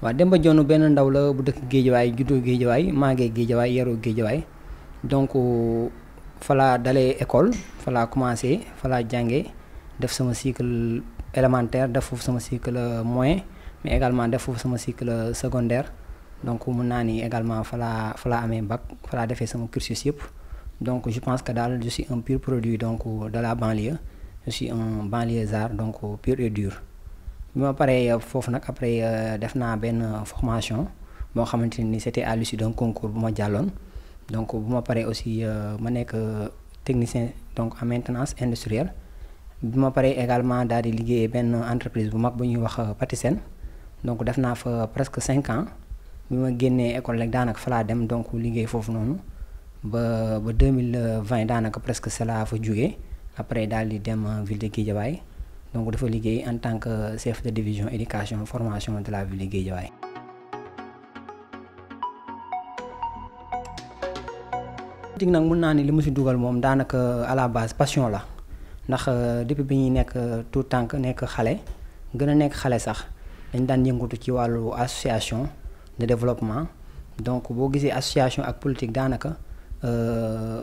waaw Demba Dione benn ndaw la bu dëkk Géejawaay juddoo Géejawaay màggee Géejawaay yaroo Géejawaay donc falaa dalee école falaa commencé falaa jànge def sama cycle élémentaire def foofu sama cycle moyen mais également def foofu sama cycle secondaire donc mun naa ni également falaa falaa amee bac falaa defee sama cursus yëpp donc je pense que daal je suis un pur produit donc de la banlieue je suis un banlieusard donc pur bi ma paree euh, foofu nag après euh, def naa benn euh, formation moo xamante ni c'était à l'issue d'un concours bu ma jàlloon donc bu ma paree aussi ma nekk technicien donc en maintenance industrielle bi ma paree également daal di liggéeyee benn entreprise bu mag bu ñuy wax Patisen donc def naa fa presque cinq ans bi ma génnee école rek daanaka fa laa dem donc liggéey foofu noonu ba ba 2020 daanaka presque cela fa jóge après daal di dem ville de Guédiawaye donc dafa liggéey en tant que chef de division éducation formation de la ville Guédiawaye nag mun naa ni li mu si dugal moom daanaka à la base passion la ndax euh, depuis bi ñuy nekk euh, tout tànk nekk xale gën a nekk xale sax dañ daan yëngatu ci wàllu association de développement donc boo gisee association ak politique daanaka euh,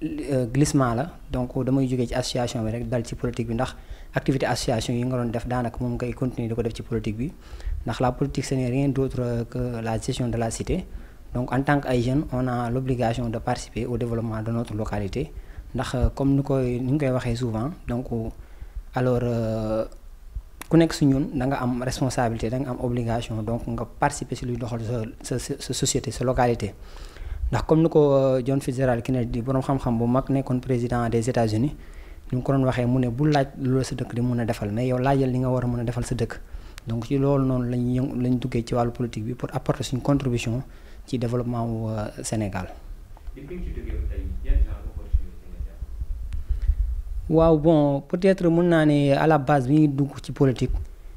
Euh, glissement la donc damay jógee ci association bi rek dal ci politique bi ndax activité association yi nga doon def daanaka moom ngay continuer di ko def ci politique bi ndax la politique ce n'est rien d'autre que la gestion de la cité donc en tant que ay jeunes on a l'obligation de participer au développement de notre localité ndax euh, comme ni koy ni ñu koy waxee souvent donc euh, alors ku nekk si ñun da nga am responsabilité da nga am obligation donc nga participer luy doxal sa sa société sa localité ndax comme ni ko euh, John Fitzgerald Kennedy di boroom xam-xam bu mag nekkoon président des États-Unis ñu ngi ko doon waxee mu ne bu laaj loolu sa dëkk di mun a defal mais yow laajal li nga war a mun a defal sa dëkk donc ci loolu noonu lañ yëngu lañ duggee ci wàllu politique bi pour apporter suñu contribution ci développement wu euh, Sénégal. waaw bon peut-être mën naa ne à la base bi ñuy dugg ci politique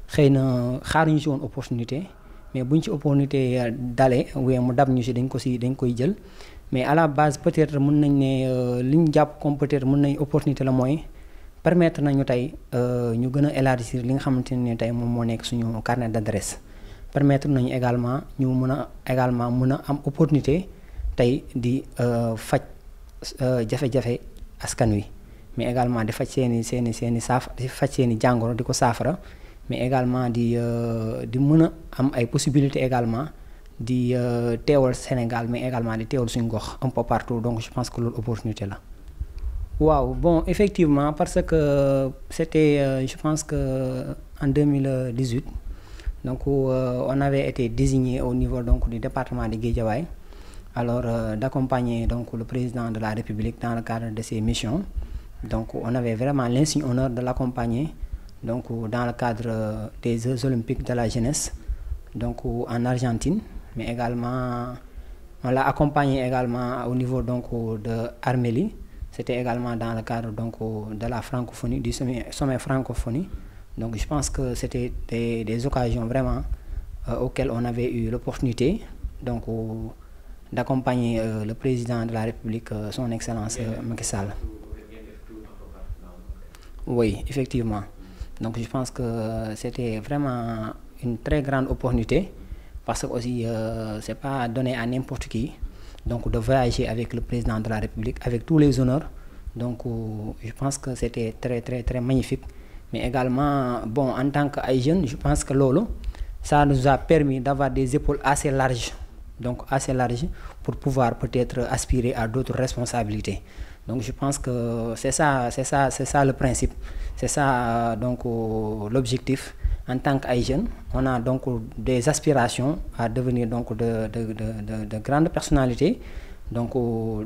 xëy na xaaruñu si woon opportunité. mais bu buñ ci opportunité euh, dalee wee mu dab ñu si dañ ko si dañ koy jël mais à la base peut-être mën nañ ne euh, li ñu jàpp comme peut-être mën nañ opportunité la mooy permettre nañu tey euh, ñu gën a élargir li nga xamante ne tey moom moo nekk suñu carnet d'adresse permettre nañu également ñu mën a également mun a am opportunité tey di faj jafe-jafe askan wi mais également di faj seeni seeni seeni saaf di faj seeni jàngoro di ko saafara mais également di euh, di mën a am ay possibilité également di euh, teewal Sénégal mais également di teewal suñu gox un peu partout donc je pense que loolu opportunité la. waaw bon effectivement parce que c'était euh, je pense que en deux donc on avait été désigné au niveau donc du département de Guédiawaye alors d'accompagner donc le président de la République dans le cadre de ses missions donc on avait vraiment l'insigne honneur de l'accompagner donc dans le cadre des Jeux olympiques de la jeunesse donc en Argentine mais également on l'a accompagner également au niveau donc de Armélie c'était également dans le cadre donc de la francophonie du sommet, sommet francophonie donc je pense que c'était des, des occasions vraiment euh, auxquelles on avait eu l'opportunité donc euh, d'accompagner le président de la République euh, son excellence euh, Macky Sall oui effectivement donc je pense que c'était vraiment une très grande opportunité parce que aussi euh, c'est pas donné à n'importe qui donc de voyager avec le président de la République avec tous les honneurs donc euh, je pense que c'était très très très magnifique mais également bon en tant que ay jeune je pense que loolu ça nous a permis d'avoir des épaules assez larges donc assez larges pour pouvoir peut-être aspirer à d'autres responsabilités donc je pense que c'est ça c'est ça c'est ça le principe c'est ça euh, donc euh, l'objectif en tant qu'ay jeunes on a donc des aspirations à devenir donc de de de de, de grandes personnalités donc euh,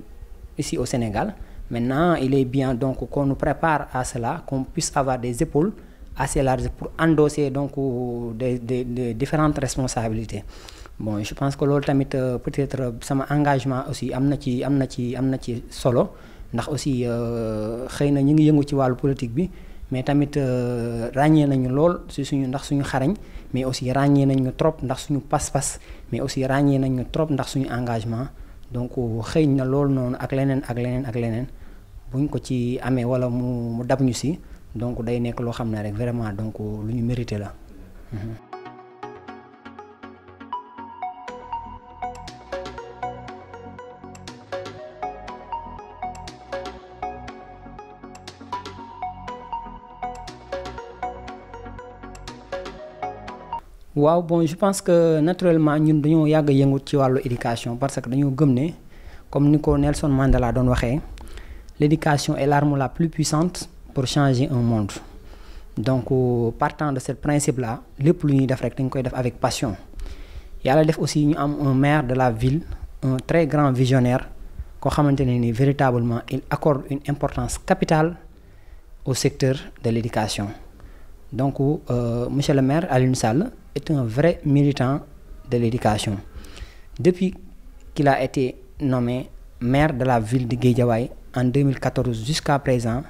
ici au Sénégal maintenant il est bien donc qu'on nous prépare à cela qu'on puisse avoir des épaules assez larges pour endosser donc des des, des différentes responsabilités bon je pense que loolu tamit peut-être sama engagement aussi am na ci am na ci am na ci solo ndax aussi euh, xëy na ñu ngi yëngu ci wàllu politique bi mais tamit euh, ràññee nañu lool si suñu ndax suñu xarañ mais aussi ràññee nañu trop ndax suñu pas-pas mais aussi ràññee nañu trop ndax suñu engagement donc euh, xëy na loolu noonu ak leneen ak leneen ak leneen buñ ko ci amee wala mu mu dab ñu si donc day nekk loo xam ne rek vraiment donc lu ñu mérité la. Mhm. waaw bon je pense que naturellement ñun dañoo yàgg yëngut ci wàllu éducation parce que dañoo gëm ne comme ni ko Nelson Mandela doon waxee l'éducation est l'arme la plus puissante pour changer un monde donc euh, partant de ce principe là lépp lu ñuy def rek dañ koy def avec passion yàlla def aussi ñu am un maire de la ville un très grand visionnaire koo xamante ne ni véritablement il accorde une importance capitale au secteur de l'éducation donc euh, monsieur le maire Alioune Sall est un vrai militant de l'éducation depuis qu'il a été nommé maire de la ville de Guédiawaye en 2014 jusqu'à présent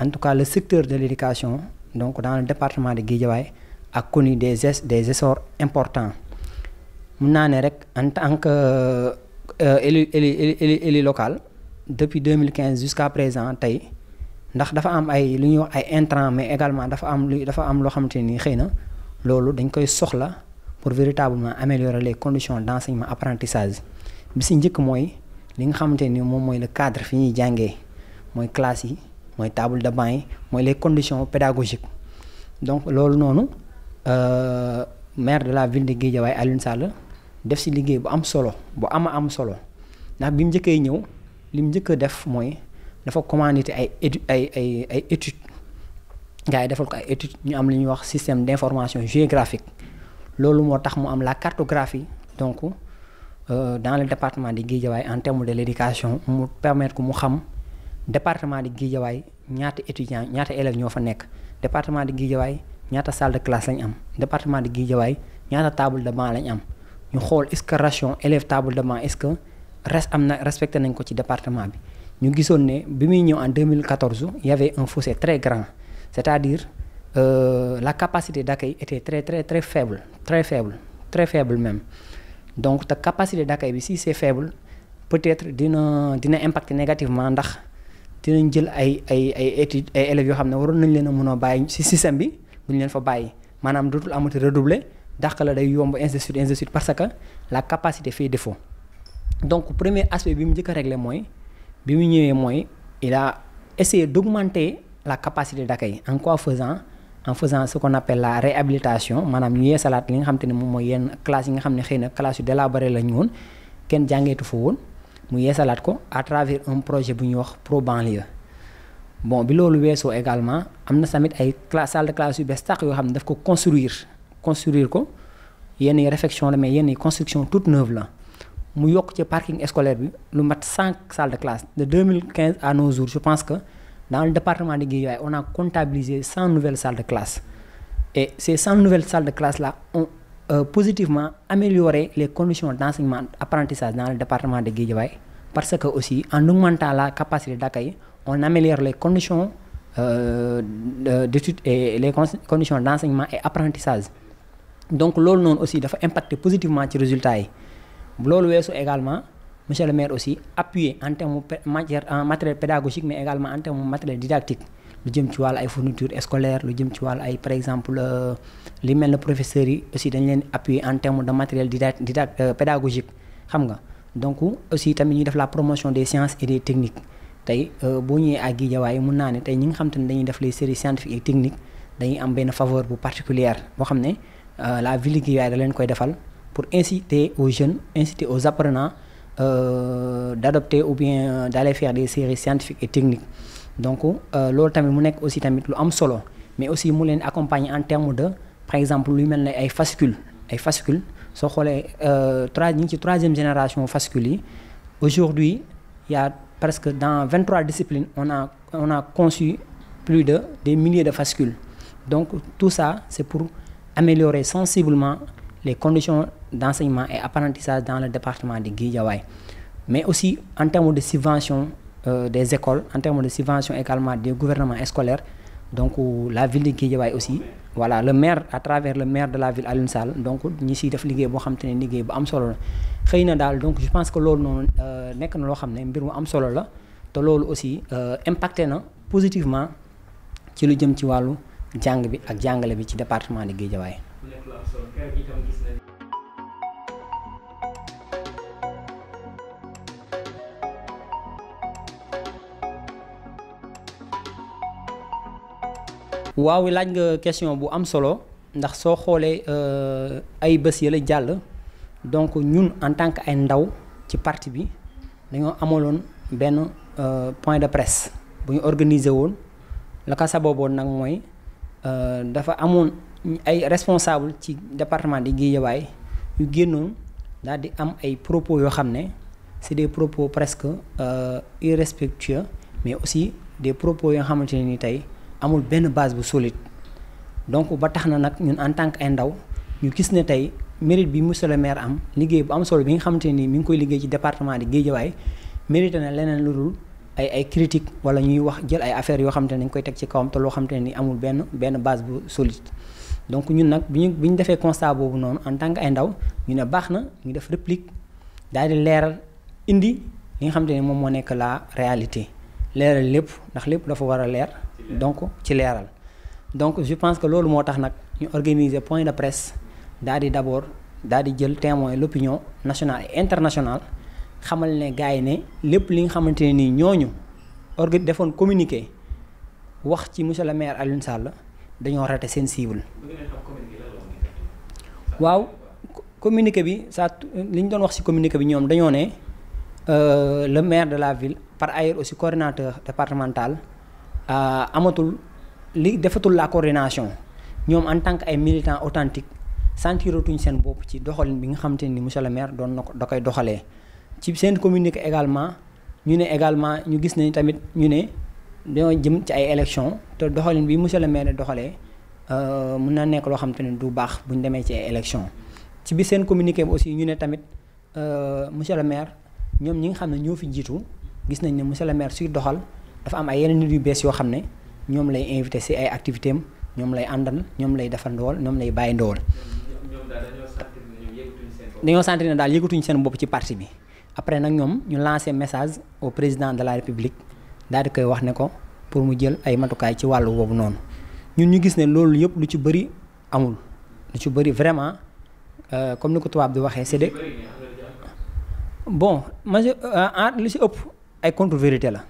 en tout cas le secteur de l'éducation donc dans le département de Guédiawaye a connu des es des essors importants mun naa ne rek en tant que euh, élu élu élu local depuis 2015 jusqu'à présent tey ndax dafa am ay lu ñuy wax ay intrants mais également dafa am lu dafa am loo xamante ni xëy na loolu dañ koy soxla pour véritablement améliorer les conditions d' enseignement apprentissage bi si njëkk mooy li nga xamante ni moom mooy le cadre fi ñuy jàngee mooy classe yi mooy table de banc yi mooy les conditions pédagogiques donc loolu noonu euh, maire de la ville de Guédiawaye Alioune Sall def si liggéey bu am solo bu ama am solo ndax bi mu njëkkee ñëw li mu njëkk a def mooy. dafa commandité ay étu ay ay ay études gars defal ko ay études ñu am li ñuy wax système d'information géographique loolu moo tax mu am la cartographie donc euh, dans le département di Guédiawaye en termes de l'éducation mu permettre ko mu xam département de Guédiawaye ñaata étudiants ñaata élèves ñoo fa nekk département de Guédiawaye ñaata salle de classe lañ am département de Guédiawaye ñaata table de banc lañ am ñu xool est-ce que ration élève table de banc est-ce que res am na respecté nañ ko ci département bi ñu gisoon ne bi muy ñëw en 2014 il y avait un fossé très grand c'est-à-dire euh, la capacité d'accueil était très très très faible très faible très faible même donc te capacité d'accueil bi si c'est faible peut-être dina dina impacter négativement ndax dinañ jël ay ay ay études ay élèves yoo xam ne waroon nañ leen a mën a bàyyi si système bi duñ leen fa bàyyi maanaam dootul amati redoubler dàq la day yomb ainsi de suite ainsi parce que la capacité fait défaut donc premier aspect bi mu njëkk a régler mooy. bi mu ñëwee mooy il a essayé d'augmenter la capacité d'accueil en quoi faisant en faisant su ko appelle la réhabilitation maanaam ñu yeesalaat li nga xam ne moom mooy yenn classe yi nga xam ne xëy na classe yu délabré la ñu woon kenn jàngeetu fa woon mu yeesalaat ko à travers un projet bu ñuy wax pro banlieue bon bi loolu weesoo également am na samit ay classe salle de classe yu bees tàq yoo xam ne daf ko construire construire ko yenn yi réfection la mais yenn yi construction toute neuve la mu yokk ci parking scolaire bi lu mat cinq salles de classe de 2015 à nos jours je que dans le département de Guédiawaye on a comptabilisé cent nouvelles salles de classe et ces cent nouvelles salles de classe là ont euh, positivement amélioré les conditions d'enseignement apprentissage dans le département de Guédiawaye parce que aussi en augmentant la capacité d'accueil on améliore les conditions euh, d'études et les conditions d'enseignement et apprentissage donc loolu noonu aussi dafa impacter positivement ci résultats yi loolu weesu également monsieur le maire aussi appuyer en terme matière en matériel pédagogique mais également en terme matériel didactique lu jëm ci wàllu ay fourniture scolaire lu jëm ci wàllu ay par exemple euh, li mel ne professeurs yi aussi dañ leen appuyer en terme de matériel didact didact euh, pédagogique xam nga donc aussi tamit ñuy def la promotion des sciences et des techniques tey euh, boo ñëwee ak Guédiawaye mun naa ne tey ñi nga xam te ne dañuy def les séries scientifiques et techniques am benn faveur bu particulière boo xam ne la ville leen koy defal pour inciter aux jeunes, inciter aux apprenants euh, d'adopter ou bien euh, d'aller faire des séries scientifiques et techniques. Donc euh, loolu tamit mu nekk aussi tamit lu am solo mais aussi mu leen accompagner en terme de par exemple lu mel ne ay fascule ay soo xoolee euh, trois ñu ngi ci troisième génération fascicule yi aujourd'hui il y a presque dans 23 disciplines on a on a conçu plus de des milliers de fascicules donc tout ça c'est pour améliorer sensiblement les conditions d'enseignement et apprentissage dans le département de Guédiawaye mais aussi en termes de subvention euh, des écoles en termes de subvention également des gouvernements scolaires donc la ville de Guédiawaye aussi voilà le maire à travers le maire de la ville Alioune Sall donc ñi siy def liggéey boo xam te ne liggéey bu am solo la xëy na daal donc je pense que loolu noonu euh, nekk na loo xam ne mbir mu am solo la te loolu aussi euh, impacté na positivement ci lu jëm ci wàllu jàng bi ak jàngale bi ci département de waaw laaj nga question bu am solo ndax soo xoolee euh, ay bés la jàll donc ñun en tant que ay ndaw ci parti bi dañoo amaloon benn euh, point de presse bu ñu organiser woon la ko sababoon nag mooy euh, dafa amoon ay responsable ci département di Guédiawaye yu génnoon daal di am ay propos yoo xam ne c'est des propos presque irrespectueux mais aussi des propos yoo xamante ne ni tey amul benn base bu solide donc ba tax na nag ñun en tant que ay ndaw ñu gis ne tey mérite bi monsieur le maire am liggéey bu am solo bi nga xamante ne nii mi ngi koy liggéey ci département de Guédiawaye mérite na leneen lu dul ay ay wala ñuy wax jël ay affaires yoo xamante ne dañ koy teg ci kawam loo xamante ne amul benn benn base bu solide. donc ñun nag bi ñu bi ñu defee constat boobu noonu en tant que ay ndaw ñu ne baax na ñu def réplique daal di leeral indi li nga xamante ne moom moo nekk la réalité leeral lépp ndax lépp dafa war a leer. donc ci leeral donc je pense que loolu moo tax nag ñu organiser point de presse daal di d' abord daal di jël témoin l' opinion nationale et internationale xamal ne gars yi ne lépp li nga xamante ne nii ñooñu orga defoon communiqué wax ci monsieur le maire Alioune Sall dañoo raté seen cible. waaw communiqué bi saa li ñu doon wax ci communiqué bi ñoom dañoo ne euh, le maire de la ville par ailleurs aussi coordinateur départemental. Euh, amatul li defatul la coordination ñoom en tant que ay militants authentiques sentiratuñ seen bopp ci doxalin bi nga xamante ni monsieur le maire doon na ko da koy doxalee. ci seen communiqué également ñu ne également ñu gis nañ tamit ñu ne dañoo jëm ci ay élections te doxalin bi monsieur le maire doxalee euh, mun na nekk loo xamante ni du baax bu ñu demee ci ay élections ci bi seen communiqué bi aussi ñu ne tamit euh, monsieur le maire ñoom ñi nga xam ne ñoo fi jiitu gis nañ ne monsieur le maire suy doxal. dafa am ay yeneen nit yu bees yoo xam ne ñoom lay invité si ay activité am ñoom lay àndal ñoom lay defandool ñoom lay bàyyi ndool dañoo sentir ne daal yëgatuñu seen bopp ci parti bi après nag ñoom ñu lancé message au président de la république daal di koy wax ne ko pour mu jël ay matukaay ci wàllu woowu noonu ñun ñu gis ne loolu yëpp lu ci bëri amul lu ci bëri vraiment euh, comme ni ko tubaab di waxee c'est de bon majeur lu ci ëpp ay contre vérité la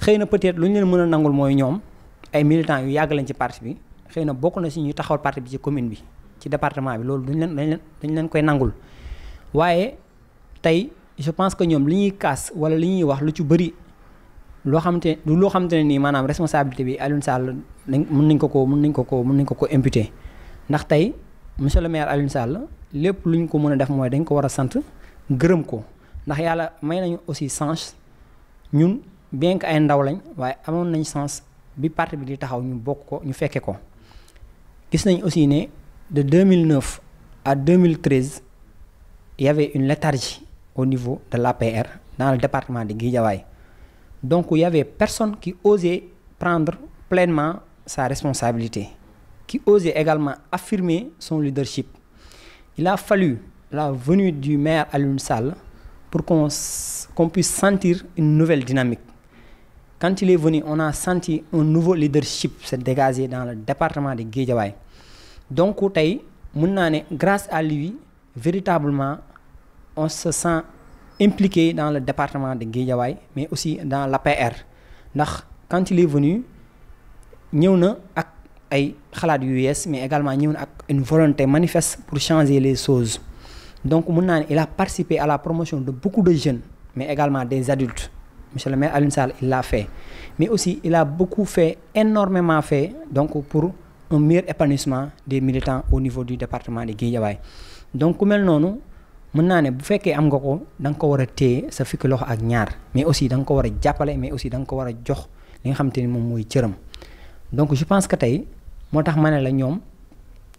xëy na peut-être lu ñu leen mën a nangul mooy ñoom ay militants yu yàgg lañ ci parti bi xëy na bokk na si ñuy taxawal parti bi ci commune bi ci département bi loolu duñ leen dañ leen dañ leen koy nangul waaye tey je pense que ñoom li ñuy kaas wala li ñuy wax lu ci bëri loo xamte loo xamante ne nii maanaam responsabilité bi Alioune Sall dañ mën nañ ko ko mën nañ ko ko mën nañ ko ko imputé ndax tey monsieur le maire Alioune Sall lépp lu ñu ko mën a def mooy dañ ko war a sant gërëm ko ndax yàlla may nañu aussi change ñun bien que ay ndaw lañ waaye amoon nañ sens bi parti bi di taxaw ñu bokk ko ñu fekke ko gis nañ aussi ne de 2009 à 2013 il y avait une léthargie au niveau de la l'APR dans le département de Guédiawaye donc il y avait personne qui osait prendre pleinement sa responsabilité qui osait également affirmer son leadership il a fallu la venue du maire Alioune Sall pour qu'on qu'on puisse sentir une nouvelle dynamique Quand il est venu, on a senti un nouveau leadership se dégager dans le département de Guédiawaye donc tey mun naa ne grâce à lui véritablement on se sent impliqué dans le département de Guédiawaye mais aussi dans l'APR ndax quand il venu ñëw na ak ay xalaat yu yees mais également ñëw na ak une volonté manifeste pour changer les choses donc mun naa ne il a participé à la promotion de beaucoup de jeunes mais également des adultes monsieur le maire Alioune Sall l'a fait mais aussi il a beaucoup fait énormément fait donc pour un meilleur épanouissement des militant au niveau du département de Guédiawaye donc ku mel noonu mën naa ne bu fekkee am nga ko da nga ko war a téye sa fukki loxo ak ñaar mais aussi da nga ko war a jàppale mais aussi da nga ko war a jox li nga xam te ni moom mooy cëram donc je pense que tey moo tax ma ne la ñoom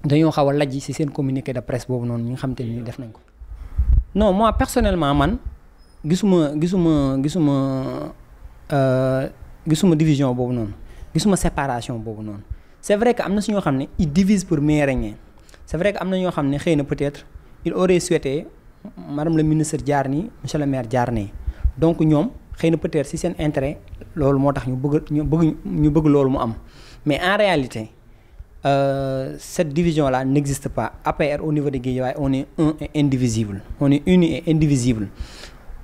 dañoo xaw a lajj ci seen communiqué de presse boobu noonu ñi nga xam te ni def nañ ko gisuma gisuma gisuma euh, gisuma division boobu noonu gisuma séparation boobu noonu c'est vrai que am na si ñoo xam ne ils divise pour mieux régner c'est vrai que am na ñoo xam ne xëy na peut-être il aurait souhaité madame le ministre jaar nii monsieur le maire jaar nii donc ñoom xëy na peut-être si seen intérêt loolu moo tax ñu bëgg ñu bëgg ñu bëgg loolu mu am mais en réalité euh, cette division là n'existe pas APR au niveau de waaye on est un et indivisible on est indivisible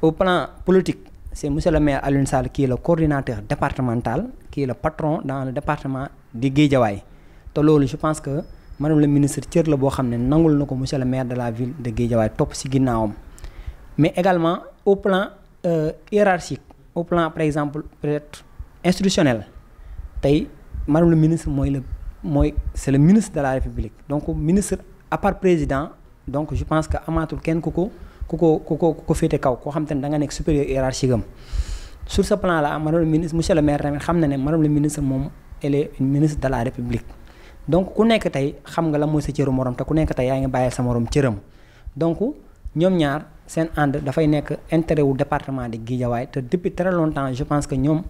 au plan politique c'est monsieur le maire Alioune Sall qui est coordinateur départemental qui est le patron dans le département di Guédiawaye te loolu je pense que madame la ministre cër la boo xam ne nangul na ko monsieur le maire de la ville de Guédiawaye topp ci ginnaawam mais également au plan euh, hiérarchique au plan par exemple peut-être institutionnel tey madame le ministre mooy le mooy c'est le ministre de la République donc ministre à part président donc je pense que amaatul kenn ku ko ku ko ku ko ku ko féete kaw koo xam te ne da nga nekk supérieur hiérarchique am sur ce plan là madame le ministre le maire tamit xam na ne madame le moom elle est ministre de la république donc ku nekk tey xam nga la mooy sa cëru morom te ku nekk tey yaa ngi bàyyil sa morom cëram donc ñoom ñaar seen ànd dafay nekk intérêt wu département de Guédiawaye te depuis très longtemps je pense que ñoom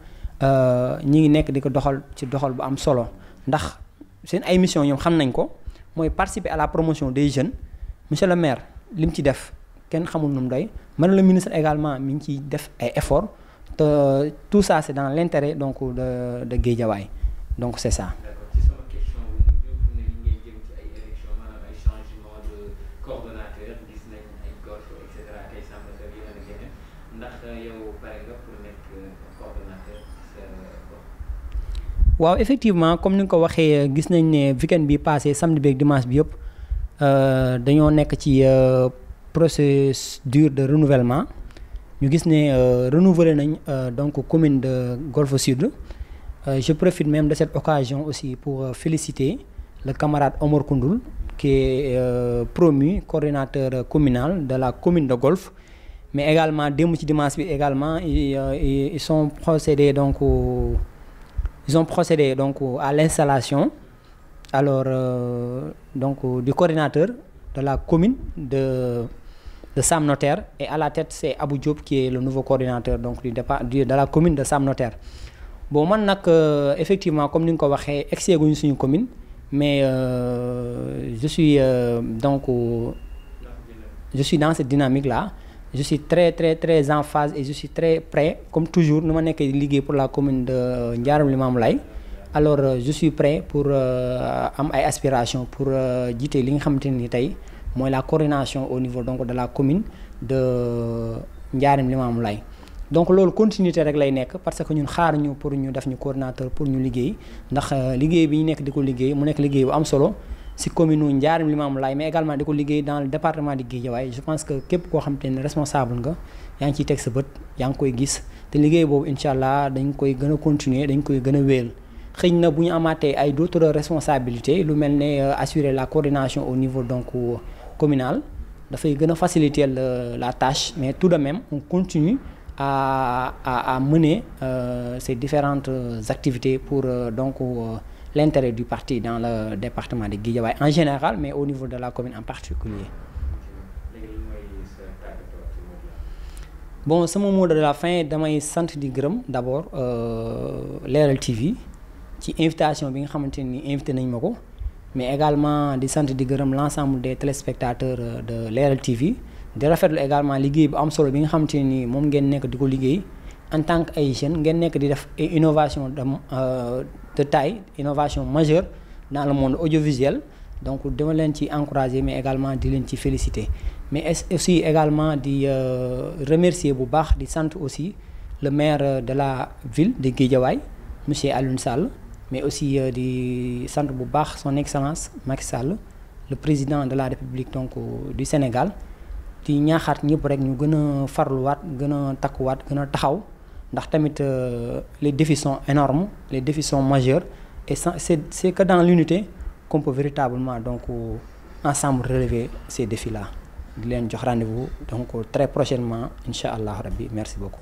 euh, ñi ngi nekk di ko doxal ci doxal bu am solo ndax seen ay mission ñoom xam nañ ko mooy participer à la promotion des jeunes monsieur le maire li mu ci def kenn xamul nu mu doy madame la ministre également mi ngi ciy def ay efforts te tout ça c' est dans l' donc de de Guédiawaye donc c' ça. waaw effectivement comme ni nga ko waxee gis nañ ne weekend bi passé samedi beeg dimanche bi yëpp euh, dañoo nekk ci. Euh, procédure de renouvellement ñu gis ne euh, renouveler nañ euh, donc commune de Golfe Sud euh, je profite même de cette occasion aussi pour féliciter le camarade Omar Koundoul qui est promu coordinateur communal de la commune de Golfe mais également démb ci dimanche bi également ils sont procédés donc ils ont procédé donc à l'installation alors donc du coordinateur de la commune de de Sam Notaire et à la tête c'est Abou Diop qui est le nouveau coordinateur donc du départ de la commune de Sam Notaire bon man nag euh, effectivement comme ni nga ko waxee egsee guñu suñu commune mais euh, je suis euh, donc je suis dans cette dynamique là je suis très très très en phase et je suis très prêt comme toujours nu ma nekkee liggéey pour la commune de euh, Ndiarème Limamoulaye alors je suis prêt pour am ay aspirations pour jiite li nga xamante ni tey mooy la coordination au niveau donc de la commune de Ndiarème lay donc loolu continuité rek lay nekk parce que ñun xaar ñu pour ñu def ñu coordinateur pour ñu liggéey ndax euh, liggéey bi ñu nekk di ko liggéey mu nekk liggéey bu am solo si commune u Ndiarème Limamoulaye mais également di ko liggéey dans le département de Guédiawaye je pense que képp ko xam te ne responsable nga yaa ngi ciy teg sa bët yaa ngi koy gis te liggéey boobu incha allah dañ koy gën a continuer dañ koy gën a wéel xëy na bu ñu amaatee ay d'autres responsabilités lu mel ne euh, assurer la coordination au niveau donc euh, communal dafay gën a faciliter la tâche mais tout de même on continue à à à mener euh, ces différentes euh, activités pour euh, donc euh, l'intérêt du parti dans le département de Guédiawaye en général mais au niveau de la commune en particulier bon sama mot de la fin damay sant di gërëm d'abord Leral TV ci invitation bi nga xamante ni invité nañ ma ko mais également di sant di gërëm l'ensemble des téléspectateurs de Leral TV di rafetlu également liggéey bu am solo bi nga xam te ni moom ngeen nekk di ko liggéey en tant que ay jeunes ngeen nekk di def innovation de euh, de taille innovation majeure dans le monde audiovisuel donc dama leen ci encourager mais également di leen ci félicité mais aussi également di euh, remercier bu baax di sant aussi le maire de la ville de Guédiawaye monsieur Alioune Sall mais aussi euh, di sant bu baax son excellence Macky Sall le président de la république donc euh, du Sénégal di ñaaxaat ñëpp rek ñu gën a farluwaat gën a takkuwaat gën a taxaw ndax tamit euh, les défis sont énormes les défis sont majeurs et c'est c'est que dans l'unité qu'on peut véritablement donc ensemble relever ces défis là di leen jox rendez-vous donc très prochainement incha allah rabbi merci beaucoup